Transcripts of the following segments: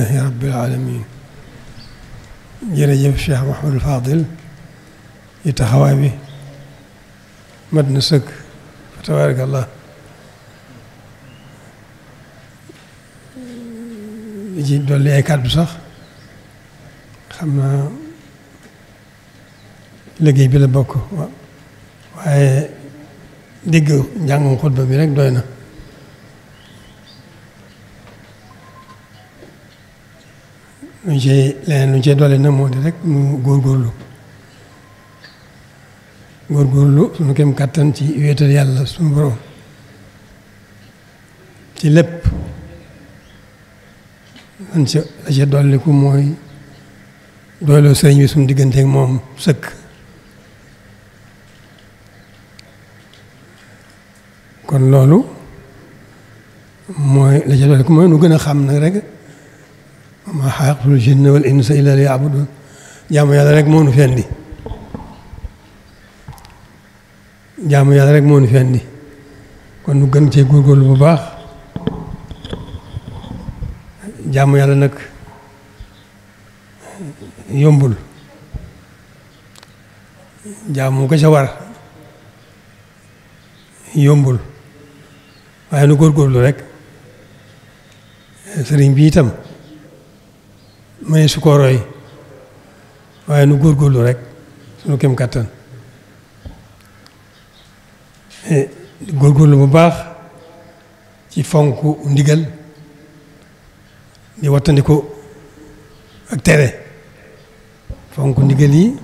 alhamdulilahi rabbil alamin jërëjëf Cheikh Mahamadul Fadil yi taxawaay bi mat na sëkk fa tabarakallah ci dolli ay kàddu sax xam naa liggéey bi la bokk waaye dégg njàngum xutba bi rek doy na lu ñu cee doole nag moo di rek mu góorgóorlu góorgóorlu suñu kem kàttan ci wéetal yàlla suñu borom ci lépp man ca la ca dolliku mooy dooloo sëriñ bi suñu digganteeg moom sëkk kon loolu mooy la ca dolliku mooy nu gën a xam nag rek ma xalaqtul jinna wal insa illa liya'budun jaamu yàlla rek moo nu fi andi yàlla rek moo nu fi andi kon nu gën cee góorgóorlu bu baax jaamu yàlla nag yombul jaamu ko ca war yombul waaye nu góorgóorlu rek sëriñ bi itam. mënee su waaye nu góor góorgóorlu rek sunu kem kàttan eh, góorgóorlu bu baax ci fonk ndigal di wattandiku ak tere fonk ndigal yi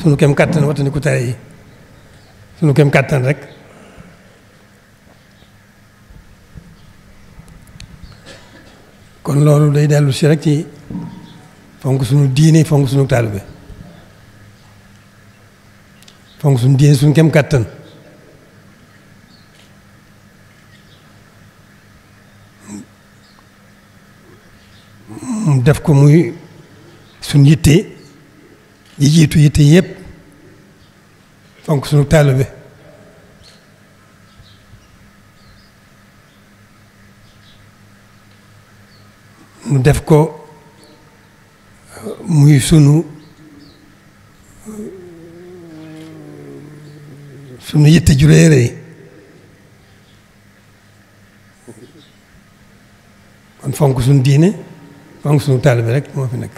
sunu kem kàttan wattandiku tere yi sunu kem kàttan rek kon loolu day dellu si rek ci fonk sunu diine fonk suñu taalibe fonk suñu diine suñu kem kàttan def ko muy suñu yitte ji jiitu yitte yépp fonk suñu taalibe nu def ko muy sunu sunu yitte ju rëy rëy kon fonk sunu diine fonk sunu taalibe rek moo fi nekk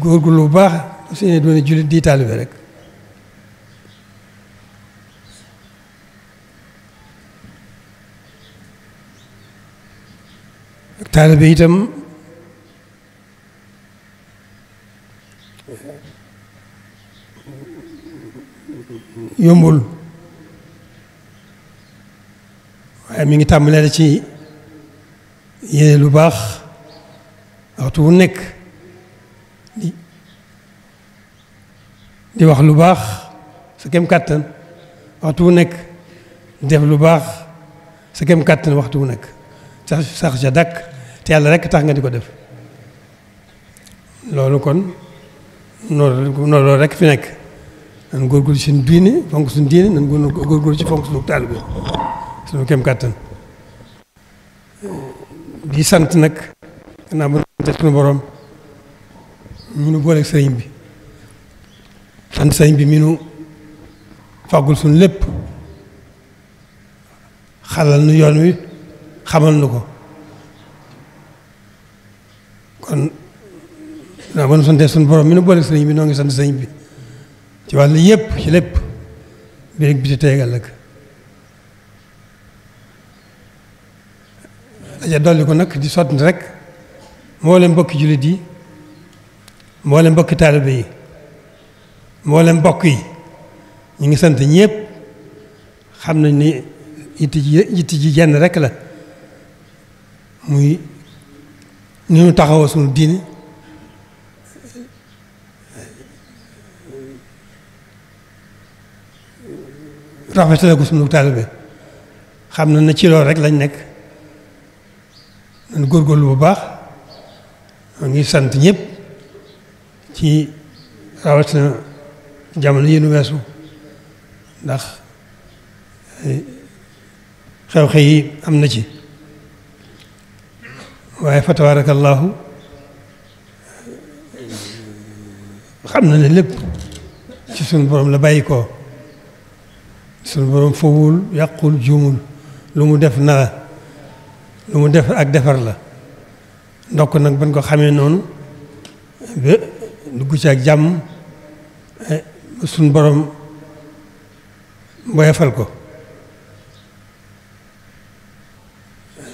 góorgóorlu bu baax su ñu doon jullit di taalibe rek ak taalibe itam yombul waaye mi ngi tàmbalee ci yéene lu baax waxtu wu nekk di wax lu baax sa kem kàttan waxtu wu nekk def lu baax sa kem kàttan waxtu wu nekk sax sax ca dàkk te yàlla rek tax nga di ko def loolu kon noonu loolu rek fi nekk góor góorgóorlu suñu diine fonk suñu diine nan góorgóorlu ci fonk suñu taalibe suñu kem kàttan di sant nag gannaaw bu ñu suñu borom nu booleeg sëriñ bi sant bi mi nu fàggul suñu lépp xalal nu yoon wi xamal nu ko kon naa ba nu santee suñu borom mi nu boole sëriñ bi noo ngi sant sëriñ bi ci wàllu yëpp ci lépp bi rek bi ci teegal lëg daja dolli ko nag di sotti rek mboolem mbokki jullit yi mboolem mbokki taalibe yi mboolem mbokk yi ñu ngi sant ñëpp xam na ni yitti ji yitti ji jenn rek la muy ni ñu taxawoo suñu diine rafetale ko suñu taalibe xam na na ci lool rek lañ nekk nañ góorgóorlu bu baax ma ngi sant ñëpp ci rawatina jamono yi weesu ndax xew yi am na ci waaye fa tabaarakallaahu xam na ne lépp ci sunu borom la bàyyi koo sunu borom fowul yàqul juumul lu mu def na la lu mu def ak defar la ndokk nag bañ ko xamee noonu ba dugg ci ak jàmm eh, sunu borom mboyefal ko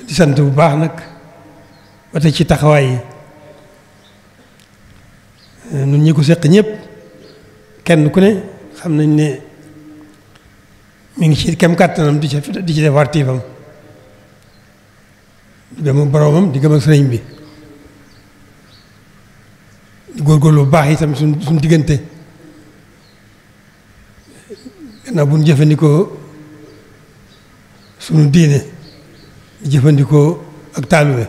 di sant bu baax nag. ba ci taxawaay yi ñun euh, ñi ko seq ñépp kenn ku ne xam nañ ne mi ngi ci kem kàttanam di ci di ci def di gëm ak di gëm ak bi di góorgóorlu bu baax itam suñ suñ diggante gannaaw bu ñu jëfandikoo suñu diine di jëfandikoo ak taalube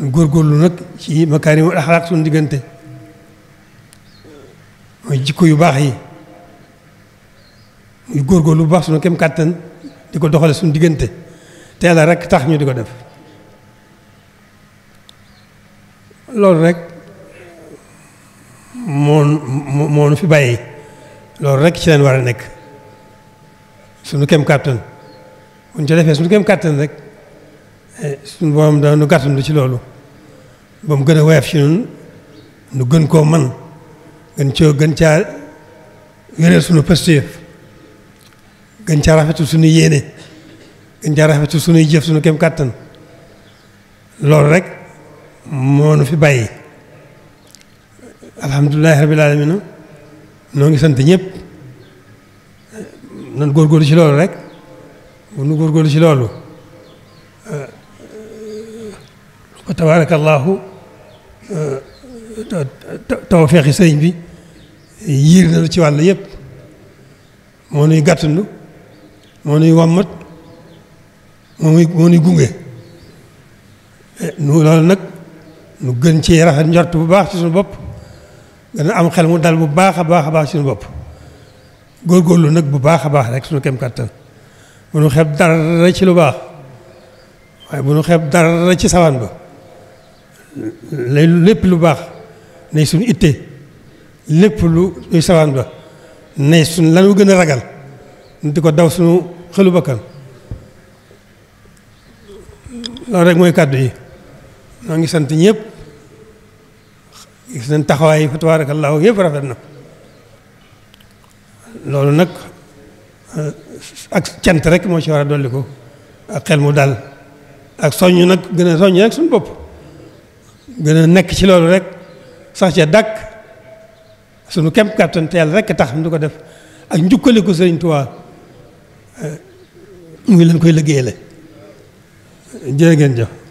góor góorgóorlu nag ci makaarimul axlaaq suñu diggante mooy jikko yu baax yi muy góorgóorlu bu baax suñu kem kàttan di ko doxale suñu diggante te yàlla rek tax ñu di ko def loolu rek moo moo nu fi bàyyi loolu rek ci leen war a nekk suñu kem kàttan bu ñu ca defee suñu kem kàttan rek Eh, suñu borom dana nu gàttandu ci loolu ba gën a woyof ci ñun nu gën koo man gën coo gën caa wéral suñu pëstéef gën caa rafetu suñu yéene gën caa rafetu suñuy jëf suñu kem kàttan loolu rek moo nu fi bàyyi alhamdulilahi rabil alamina noo ngi sant ñëpp eh, nan góorgóorlu ci loolu rek bu nu góorgóorlu ci loolu wa tabaarakallaahu euh, euh, tawfeexi sëriñ bi yiir na lu ci wàll yépp moo nuy gàttandu moo nuy wàmmat moo nuy gunge eh, nu loolu nag nu gën ci rafet njort bu baax ci suñu bopp gën a am xel mu dal bu baax a baax a baax ci suñu bopp góorgóorlu nag bu baax a baax rek suñu kem kàttan bu nu xeeb dara ci lu baax waaye bu nu xeeb dara ci sawaan ba lay lépp lu baax nay suñu ittee lépp lu luy sawaan ba nay suñ lanu gën a ragal di ko daw suñu xelu bakkan loolu rek mooy kàddu yi ñoo ngi sant ñëpp gis nañ taxawaay yi fa tabaarakallaahu yëpp rafet na loolu nag eh, ak cant rek moo ci war a dolli ko ak xel mu daal ak soññ nag gën a soññ rek suñu bopp gën a nekk ci loolu rek sax ca dàkk sunu kem kàttan te yàlla rek tax ñu ko def ak njukkaliku sëriñ Tuubaa eh, muy leen koy liggéeyale jërë ngeen jëf